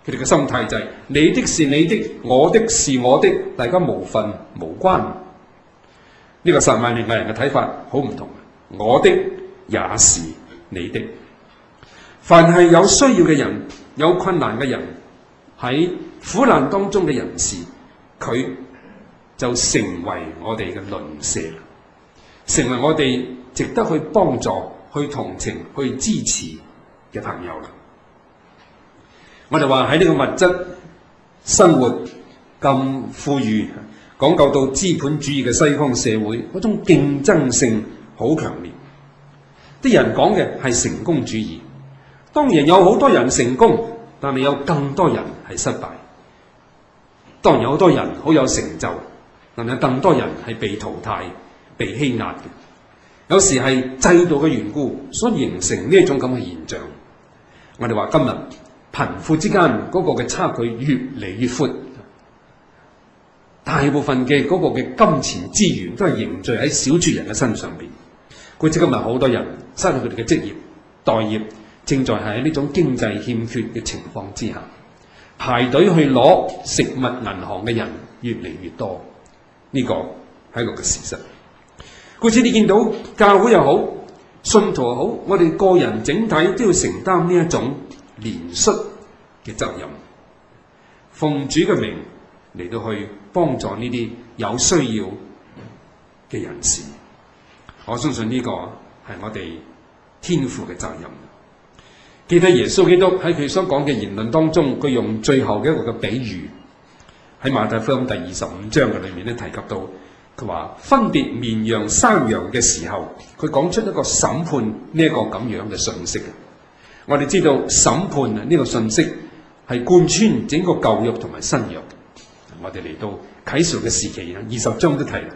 佢哋嘅心態就係你的是你的，我的是我的，大家無份無關。呢個十萬年嘅人嘅睇法好唔同。我的也是你的，凡係有需要嘅人，有困難嘅人喺苦難當中嘅人士，佢就成為我哋嘅鄰舍，成為我哋值得去幫助、去同情、去支持嘅朋友，我就話喺呢個物質生活咁富裕，講究到資本主義嘅西方社會，嗰種競爭性好強烈。啲人講嘅係成功主義，當然有好多人成功，但係有更多人係失敗。當然有好多人好有成就，但係更多人係被淘汰、被欺壓嘅。有時係制度嘅緣故，所形成呢一種咁嘅現象。我哋話今日貧富之間嗰個嘅差距越嚟越闊，大部分嘅嗰個嘅金錢資源都係凝聚喺少數人嘅身上邊。故此今日好多人失去佢哋嘅職業，待業正在喺呢種經濟欠缺嘅情況之下，排隊去攞食物銀行嘅人越嚟越多，呢個係一個嘅事實。故此你見到教會又好。信徒好，我哋個人整體都要承擔呢一種憐恤嘅責任，奉主嘅名嚟到去幫助呢啲有需要嘅人士。我相信呢個係我哋天父嘅責任。記得耶穌基督喺佢所講嘅言論當中，佢用最後嘅一個嘅比喻喺馬太福音第二十五章嘅裏面咧提及到。佢話分別綿羊山羊嘅時候，佢講出一個審判呢一個咁樣嘅信息。我哋知道審判啊，呢個信息係貫穿整個舊約同埋新約。我哋嚟到啟示嘅時期啊，二十章都提啦，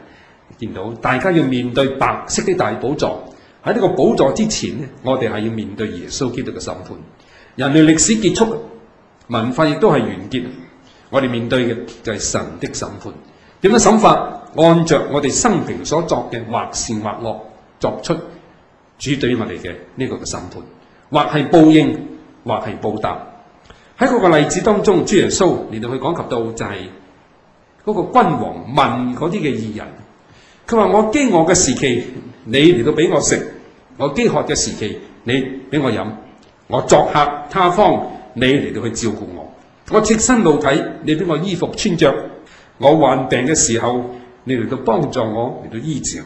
見到大家要面對白色的大寶座，喺呢個寶座之前咧，我哋係要面對耶穌基督嘅審判。人類歷史結束，文化亦都係完結。我哋面對嘅就係神的審判。點樣審法？按着我哋生平所作嘅或善或惡，作出主對於我哋嘅呢個嘅審判，或係報應，或係報答。喺嗰個例子當中，主耶穌嚟到去講及到就係嗰個君王問嗰啲嘅義人，佢話：我飢餓嘅時期，你嚟到俾我食；我飢渴嘅時期，你俾我飲；我作客他方，你嚟到去照顧我；我赤身露體，你俾我衣服穿着；我患病嘅時候，你嚟到幫助我，嚟到醫治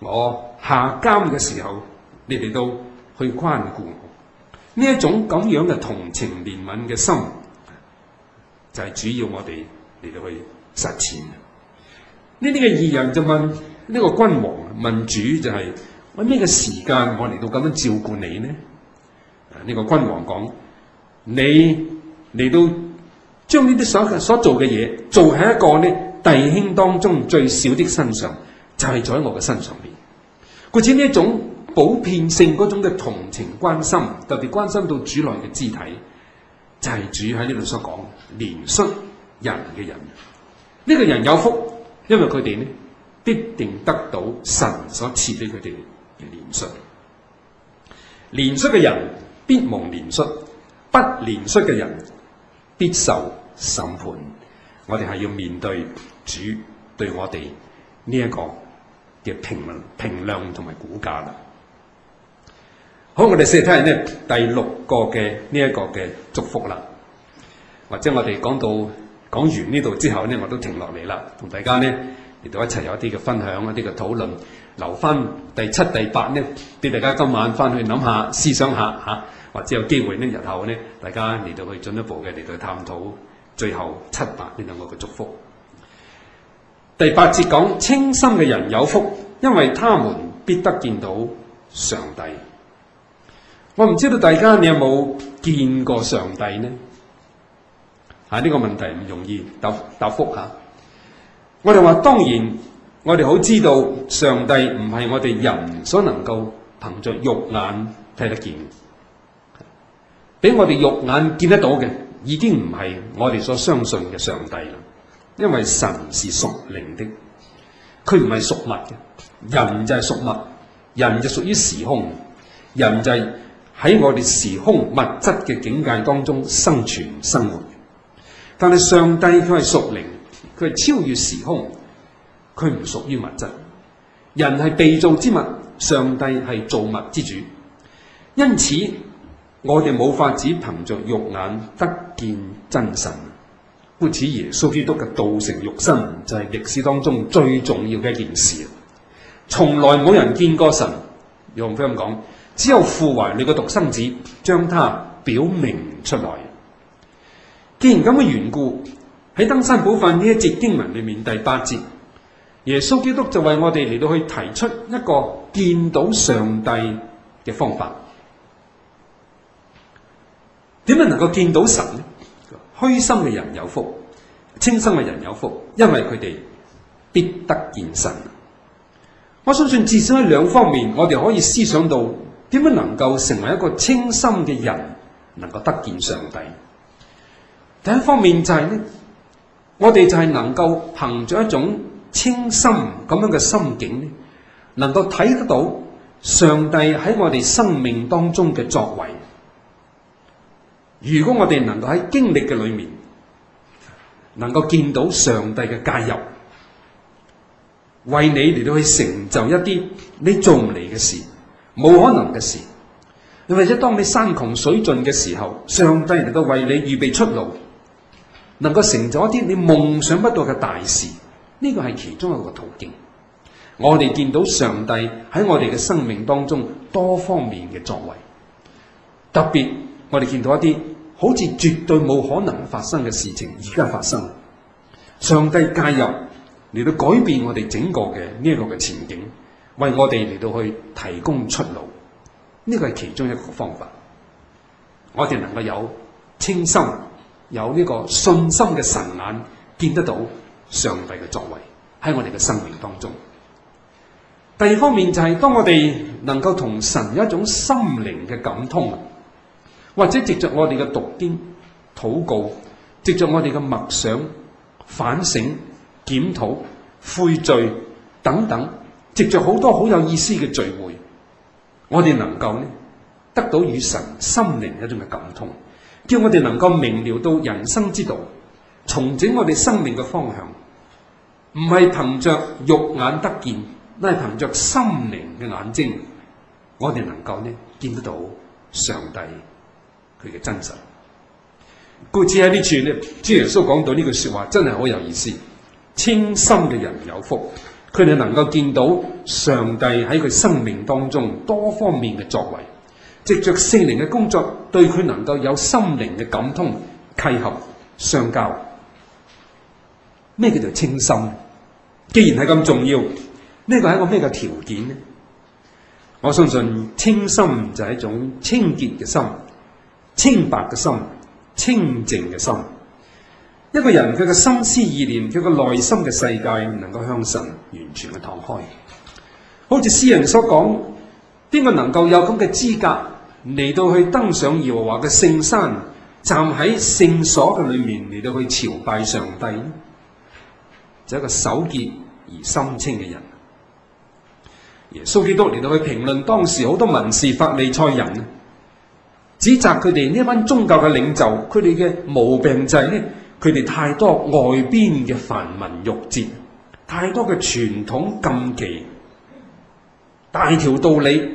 我。我下監嘅時候，你嚟到去關顧我。呢一種咁樣嘅同情憐憫嘅心，就係、是、主要我哋嚟到去實踐。呢啲嘅義人就問呢、這個君王問主就係、是：我咩嘅時間我嚟到咁樣照顧你呢？呢、這個君王講：你嚟到將呢啲所所做嘅嘢做喺一個呢？弟兄當中最小的身上，就係、是、在我嘅身上邊。佢指呢一種普遍性嗰種嘅同情關心，特別關心到主內嘅肢體，就係、是、主喺呢度所講憐恤人嘅人。呢、這個人有福，因為佢哋呢必定得到神所賜俾佢哋嘅憐恤。憐恤嘅人必蒙憐恤，不憐恤嘅人必受審判。我哋係要面對。主對我哋呢一個嘅評評量同埋估價啦。好，我哋試睇下呢第六個嘅呢一個嘅祝福啦，或者我哋講到講完呢度之後呢，我都停落嚟啦，同大家呢嚟到一齊有一啲嘅分享、一啲嘅討論，留翻第七、第八呢，俾大家今晚翻去諗下、思想下嚇，或者有機會呢日後呢，大家嚟到去進一步嘅嚟到探討最後七、八呢兩個嘅祝福。第八節講，清心嘅人有福，因為他們必得見到上帝。我唔知道大家你有冇見過上帝呢？吓、啊、呢個問題唔容易答，答復下。我哋話當然，我哋好知道上帝唔係我哋人所能夠憑着肉眼睇得見。俾我哋肉眼見得到嘅，已經唔係我哋所相信嘅上帝啦。因為神是屬靈的，佢唔係屬物嘅。人就係屬物，人就屬於時空，人就係喺我哋時空物質嘅境界當中生存生活。但係上帝佢係屬靈，佢係超越時空，佢唔屬於物質。人係被造之物，上帝係造物之主。因此，我哋冇法子憑着肉眼得見真神。故此耶穌基督嘅道成肉身就係歷史當中最重要嘅一件事。從來冇人見過神，用英文咁講，只有父懷你嘅獨生子將他表明出來。既然咁嘅緣故，喺登山寶訓呢一節經文裏面第八節，耶穌基督就為我哋嚟到去提出一個見到上帝嘅方法。點樣能夠見到神呢？虛心嘅人有福，清心嘅人有福，因為佢哋必得見神。我相信至少喺兩方面，我哋可以思想到點樣能夠成為一個清心嘅人，能夠得見上帝。第一方面就係呢，我哋就係能夠憑着一種清心咁樣嘅心境，能夠睇得到上帝喺我哋生命當中嘅作為。如果我哋能夠喺經歷嘅裏面，能夠見到上帝嘅介入，為你嚟到去成就一啲你做唔嚟嘅事，冇可能嘅事，或者當你山窮水盡嘅時候，上帝能夠為你預備出路，能夠成就一啲你夢想不到嘅大事，呢個係其中一個途徑。我哋見到上帝喺我哋嘅生命當中多方面嘅作為，特別我哋見到一啲。好似絕對冇可能發生嘅事情，而家發生，上帝介入嚟到改變我哋整個嘅呢一個嘅前景，為我哋嚟到去提供出路，呢個係其中一個方法。我哋能夠有清心，有呢個信心嘅神眼，見得到上帝嘅作為喺我哋嘅生命當中。第二方面就係當我哋能夠同神有一種心靈嘅感通。或者藉着我哋嘅讀經、禱告，藉着我哋嘅默想、反省、檢討、悔罪等等，藉着好多好有意思嘅聚會，我哋能夠呢得到與神心靈一種嘅感通，叫我哋能夠明瞭到人生之道，重整我哋生命嘅方向。唔係憑著肉眼得見，但係憑著心靈嘅眼睛，我哋能夠呢見得到上帝，佢嘅真實，故此喺呢處咧，主耶穌講到呢句説話，真係好有意思。清心嘅人有福，佢哋能夠見到上帝喺佢生命當中多方面嘅作為，藉着聖靈嘅工作，對佢能夠有心靈嘅感通、契合、相交。咩叫做清心？既然係咁重要，呢個係一個咩嘅條件呢？我相信清心就係一種清潔嘅心。清白嘅心，清淨嘅心。一個人佢嘅心思意念，佢嘅內心嘅世界，能夠向神完全嘅敞開。好似詩人所講，邊個能夠有咁嘅資格嚟到去登上耶和華嘅聖山，站喺聖所嘅裏面嚟到去朝拜上帝呢？就係、一個手潔而心清嘅人。耶穌基督嚟到去評論當時好多文士法利賽人。指責佢哋呢一班宗教嘅領袖，佢哋嘅毛病就係呢：佢哋太多外邊嘅繁文縟節，太多嘅傳統禁忌，大條道理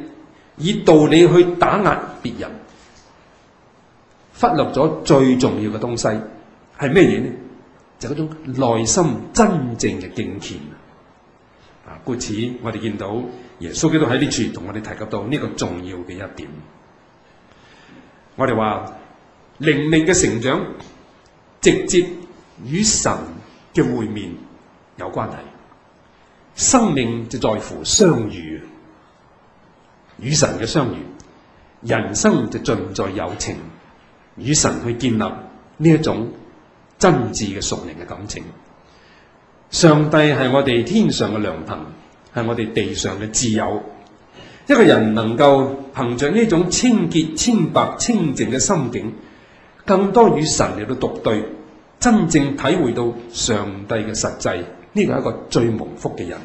以道理去打壓別人，忽略咗最重要嘅東西係咩嘢呢？就嗰、是、種內心真正嘅敬虔啊！故此，我哋見到耶穌基督喺呢處同我哋提及到呢個重要嘅一點。我哋話靈命嘅成長，直接與神嘅會面有關係。生命就在乎相遇，與神嘅相遇。人生就盡在友情，與神去建立呢一種真摯嘅熟人嘅感情。上帝係我哋天上嘅良朋，係我哋地上嘅摯友。一個人能夠憑着呢種清潔、清白、清淨嘅心境，更多與神嚟到獨對，真正體會到上帝嘅實際，呢個係一個最蒙福嘅人。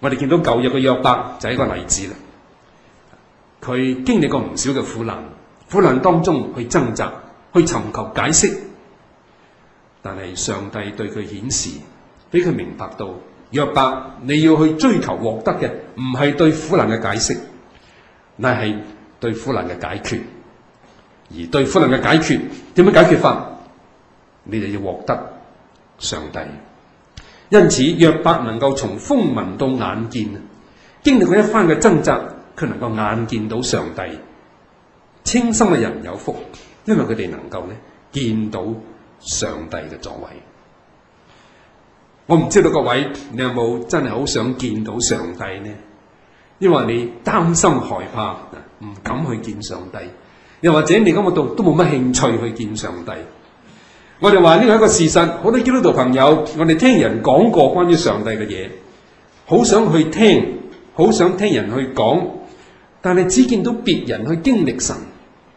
我哋見到舊約嘅約伯就係一個例子啦。佢經歷過唔少嘅苦難，苦難當中去掙扎，去尋求解釋，但係上帝對佢顯示，俾佢明白到。約伯，你要去追求獲得嘅，唔係對苦難嘅解釋，乃係對苦難嘅解決。而對苦難嘅解決，點樣解決法？你就要獲得上帝。因此，約伯能夠從風聞到眼見，經歷過一番嘅掙扎，佢能夠眼見到上帝。清心嘅人有福，因為佢哋能夠咧見到上帝嘅作為。我唔知道各位，你有冇真係好想見到上帝呢？因為你擔心害怕，唔敢去見上帝，又或者你今日到都冇乜興趣去見上帝。我哋話呢個係一個事實。好多基督徒朋友，我哋聽人講過關於上帝嘅嘢，好想去聽，好想聽人去講，但係只見到別人去經歷神，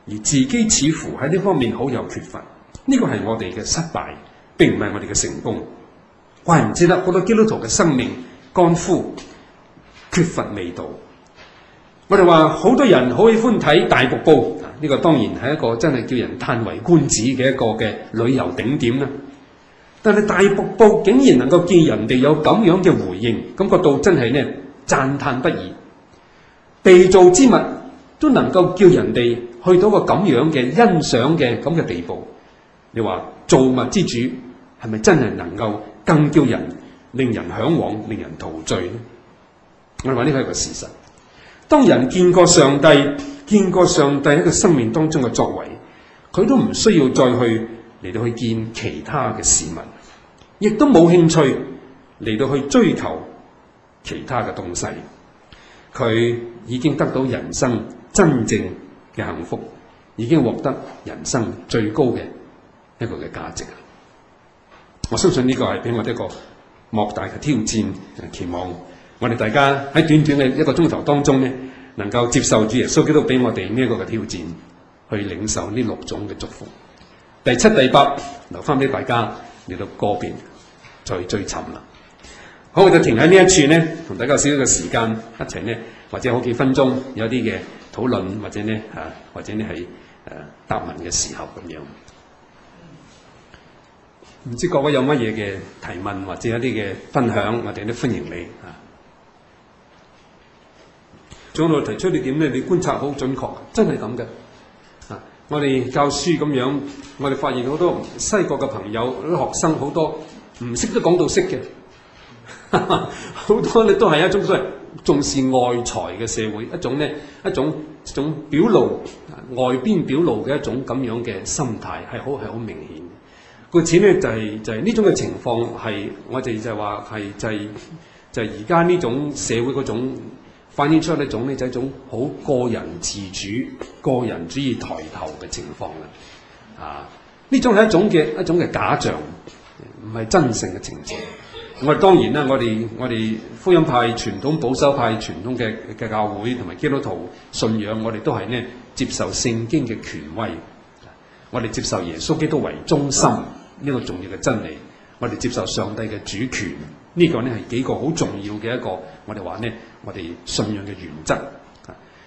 而自己似乎喺呢方面好有缺乏。呢個係我哋嘅失敗，並唔係我哋嘅成功。怪唔知得，好多基督徒嘅生命乾、乾枯缺乏味道。我哋話好多人好喜歡睇大瀑布，呢、這個當然係一個真係叫人嘆為觀止嘅一個嘅旅遊景點啦。但係大瀑布竟然能夠見人哋有咁樣嘅回應，感覺到真係呢，讚嘆不已。被造之物都能夠叫人哋去到個咁樣嘅欣賞嘅咁嘅地步，你話造物之主？係咪真係能夠更叫人令人嚮往、令人陶醉呢？我哋話呢個係個事實。當人見過上帝、見過上帝喺個生命當中嘅作為，佢都唔需要再去嚟到去見其他嘅事物，亦都冇興趣嚟到去追求其他嘅東西。佢已經得到人生真正嘅幸福，已經獲得人生最高嘅一個嘅價值。我相信呢個係俾我哋一個莫大嘅挑戰，期望我哋大家喺短短嘅一個鐘頭當中呢，能夠接受主耶穌基督俾我哋呢一個嘅挑戰，去領受呢六種嘅祝福。第七、第八留翻俾大家嚟到個邊再追尋啦。好，我就停喺呢一處呢，同大家少少嘅時間一齊呢，或者好幾分鐘，有啲嘅討論，或者呢，嚇、啊，或者呢，係、啊、誒答問嘅時候咁樣。唔知各位有乜嘢嘅提問或者一啲嘅分享，我哋都歡迎你啊！長老提出你點咧？你觀察好準確，真係咁嘅啊！我哋教書咁樣，我哋發現好多西國嘅朋友，學生好多唔識 都講到識嘅，好多咧都係一種所謂重視外財嘅社會，一種呢，一種一種表露外邊表露嘅一種咁樣嘅心態，係好係好明顯。個錢咧就係、是、就係、是、呢種嘅情況，係我哋就係話係就係、是、就係而家呢種社會嗰種反映出來的一種咧就係一種好個人自主、個人主義抬頭嘅情況啦。啊，呢種係一種嘅一種嘅假象，唔係真誠嘅情節。我哋當然啦，我哋我哋福音派傳統保守派傳統嘅嘅教會同埋基督徒信仰，我哋都係咧接受聖經嘅權威，我哋接受耶穌基督為中心。呢個重要嘅真理，我哋接受上帝嘅主權，呢個呢係幾個好重要嘅一個，我哋話呢，我哋信仰嘅原則。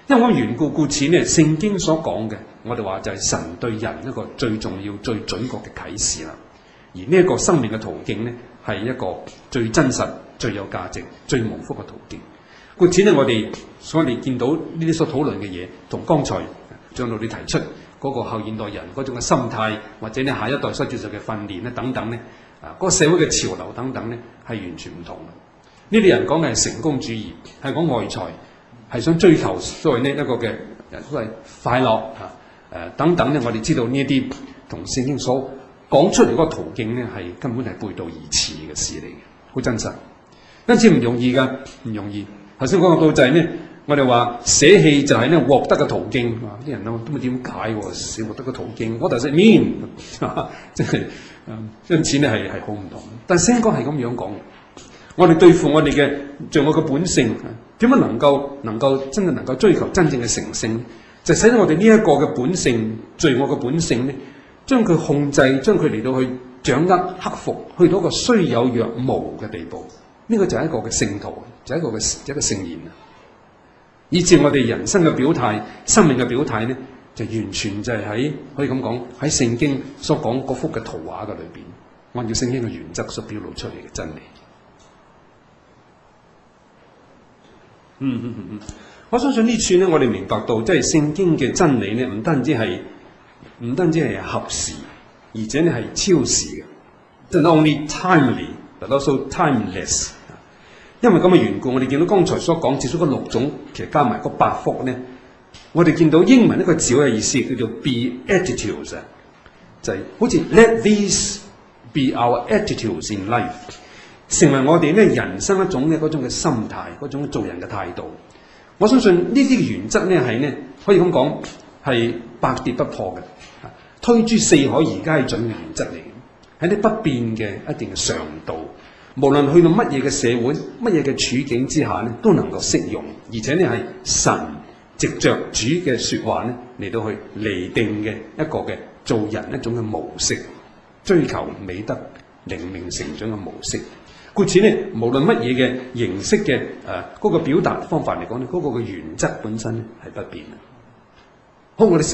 因為我緣故故此呢，聖經所講嘅，我哋話就係神對人一個最重要、最準確嘅啟示啦。而呢一個生命嘅途徑呢，係一個最真實、最有價值、最無福嘅途徑。故此呢，我哋所我哋見到呢啲所討論嘅嘢，同剛才張老你提出，嗰個後現代人嗰種嘅心態，或者你下一代所接受嘅訓練咧，等等咧，啊，嗰個社會嘅潮流等等咧，係完全唔同嘅。呢啲人講嘅係成功主義，係講外財，係想追求所謂呢一個嘅，都係快樂嚇，誒等等咧。我哋知道呢啲同聖經所講出嚟嗰個途徑咧，係根本係背道而馳嘅事嚟嘅，好真實。因此唔容易噶，唔容易。頭先講嘅到底呢。我哋話捨棄就係呢獲得嘅途徑，啲人都都冇點解喎、啊，捨獲得嘅途徑、mm. 嗯嗯。我哋識 mean，即係因此咧係係好唔同。但係聖哥係咁樣講，我哋對付我哋嘅罪惡嘅本性，點樣能夠能夠真係能夠追求真正嘅誠性呢？就是、使到我哋呢一個嘅本性、罪惡嘅本性咧，將佢控制、將佢嚟到去掌握、克服，去到一個雖有若無嘅地步。呢、這個就係一個嘅聖徒，就係、是、一個嘅一個聖言啊！以至我哋人生嘅表態、生命嘅表態咧，就完全就係喺，可以咁講，喺聖經所講嗰幅嘅圖畫嘅裏邊，按照聖經嘅原則所表露出嚟嘅真理。嗯嗯嗯嗯，我相信呢處咧，我哋明白到即係、就是、聖經嘅真理咧，唔單止係唔單止係合時，而且咧係超時嘅，即係 not only timely，but also timeless。因為咁嘅緣故，我哋見到剛才所講指出嘅六種，其實加埋個八福咧，我哋見到英文一個字嘅意思叫做 Beatitudes，就係、是、好似 let these be our attitudes in life，成為我哋咧人生一種咧嗰種嘅心態，嗰種做人嘅態度。我相信呢啲原則咧係呢，可以咁講係百折不破嘅，推諸四海而皆準嘅原則嚟嘅，係啲不變嘅一定嘅常道。無論去到乜嘢嘅社會，乜嘢嘅處境之下咧，都能夠適用，而且咧係神藉着主嘅說話咧嚟到去釐定嘅一個嘅做人一種嘅模式，追求美德、靈命成長嘅模式。故此咧，無論乜嘢嘅形式嘅誒、呃嗰個表達方法嚟講咧，嗰個嘅原則本身咧係不變嘅。好，我哋。